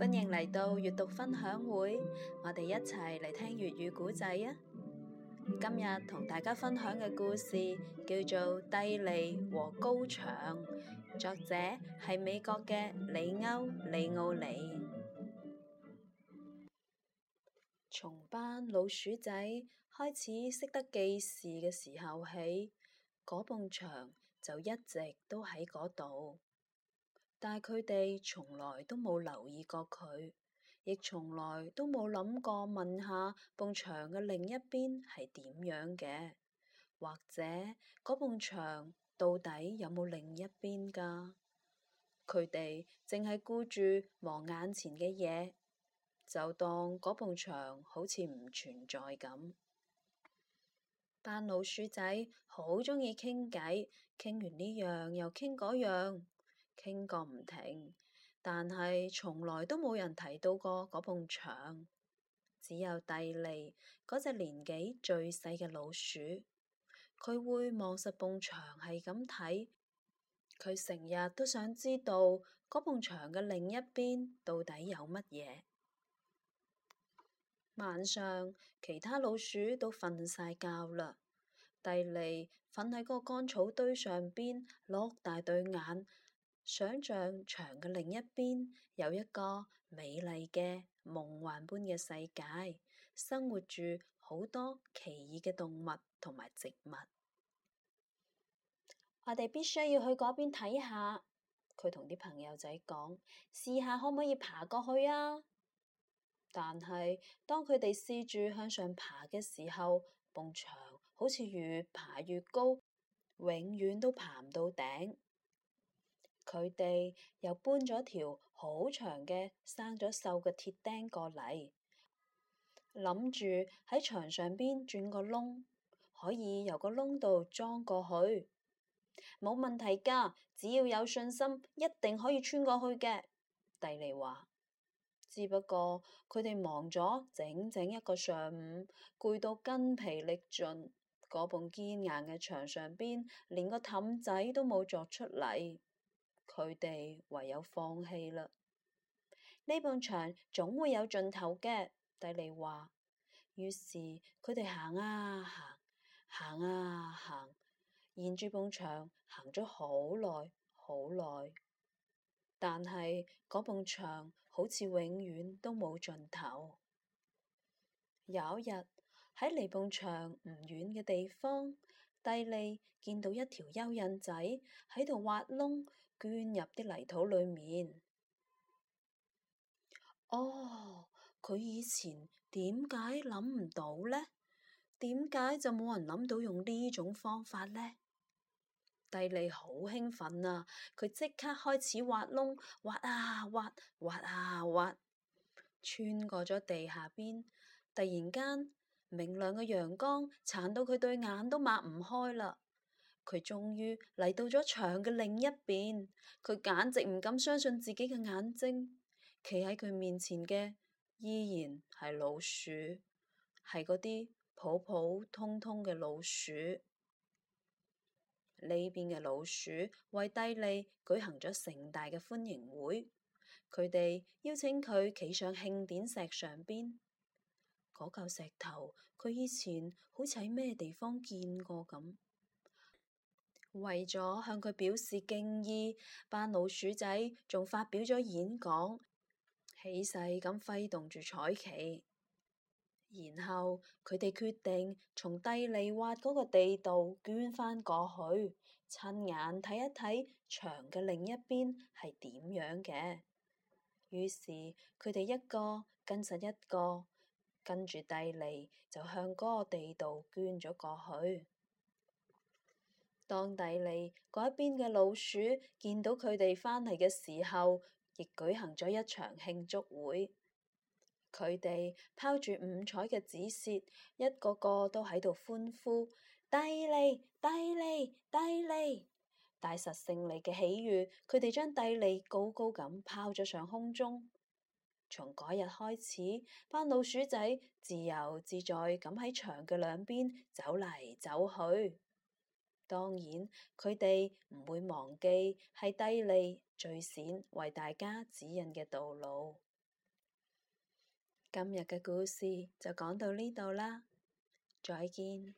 歡迎嚟到閱讀分享會，我哋一齊嚟聽粵語古仔啊！今日同大家分享嘅故事叫做《蒂莉和高牆》，作者係美國嘅李歐李奧尼。從班老鼠仔開始識得記事嘅時候起，嗰埲牆就一直都喺嗰度。但係佢哋從來都冇留意過佢，亦從來都冇諗過問，問下埲牆嘅另一邊係點樣嘅，或者嗰埲牆到底有冇另一邊㗎？佢哋淨係顧住望眼前嘅嘢，就當嗰埲牆好似唔存在咁。班老鼠仔好鍾意傾偈，傾完呢樣又傾嗰樣。傾個唔停，但係從來都冇人提到過嗰埲牆，只有蒂莉嗰隻年紀最細嘅老鼠，佢會望實埲牆係咁睇，佢成日都想知道嗰埲牆嘅另一邊到底有乜嘢。晚上其他老鼠都瞓晒覺啦，蒂莉瞓喺嗰個乾草堆上邊，落大對眼。想象牆嘅另一邊有一個美麗嘅夢幻般嘅世界，生活住好多奇異嘅動物同埋植物。我哋必須要去嗰邊睇下。佢同啲朋友仔講，試下可唔可以爬過去啊？但係當佢哋試住向上爬嘅時候，埲牆好似越爬越高，永遠都爬唔到頂。佢哋又搬咗條好長嘅，生咗銹嘅鐵釘過嚟，諗住喺牆上邊鑽個窿，可以由個窿度裝過去，冇問題噶。只要有信心，一定可以穿過去嘅。蒂莉話，只不過佢哋忙咗整整一個上午，攰到筋疲力盡，嗰本堅硬嘅牆上邊連個氹仔都冇鑿出嚟。佢哋唯有放棄啦。呢埲牆總會有盡頭嘅，蒂莉話。於是佢哋行啊行，行啊行，沿住埲牆行咗好耐，好耐。但係嗰埲牆好似永遠都冇盡頭。有一日喺離埲牆唔遠嘅地方，蒂莉見到一條蚯蚓仔喺度挖窿。捐入啲泥土裏面。哦，佢以前點解諗唔到呢？點解就冇人諗到用呢種方法呢？蒂莉好興奮啊！佢即刻開始挖窿，挖啊挖，挖啊挖，穿過咗地下邊。突然間，明亮嘅陽光殘到佢對眼都擘唔開啦。佢終於嚟到咗牆嘅另一邊，佢簡直唔敢相信自己嘅眼睛。企喺佢面前嘅依然係老鼠，係嗰啲普普通通嘅老鼠。呢邊嘅老鼠為蒂莉舉行咗盛大嘅歡迎會，佢哋邀請佢企上慶典石上邊。嗰嚿石頭，佢以前好似喺咩地方見過咁。為咗向佢表示敬意，班老鼠仔仲發表咗演講，起勢咁揮動住彩旗，然後佢哋決定從蒂莉挖嗰個地道捐返過去，親眼睇一睇牆嘅另一邊係點樣嘅。於是佢哋一個跟實一個，跟住蒂莉就向嗰個地道捐咗過去。當蒂莉嗰一邊嘅老鼠見到佢哋返嚟嘅時候，亦舉行咗一場慶祝會。佢哋拋住五彩嘅紙屑，一個個都喺度歡呼：蒂莉，蒂莉，蒂莉！大實勝利嘅喜悦，佢哋將蒂莉高高咁拋咗上空中。從嗰日開始，班老鼠仔自由自在咁喺牆嘅兩邊走嚟走去。當然，佢哋唔會忘記係蒂莉最先為大家指引嘅道路。今日嘅故事就講到呢度啦，再見。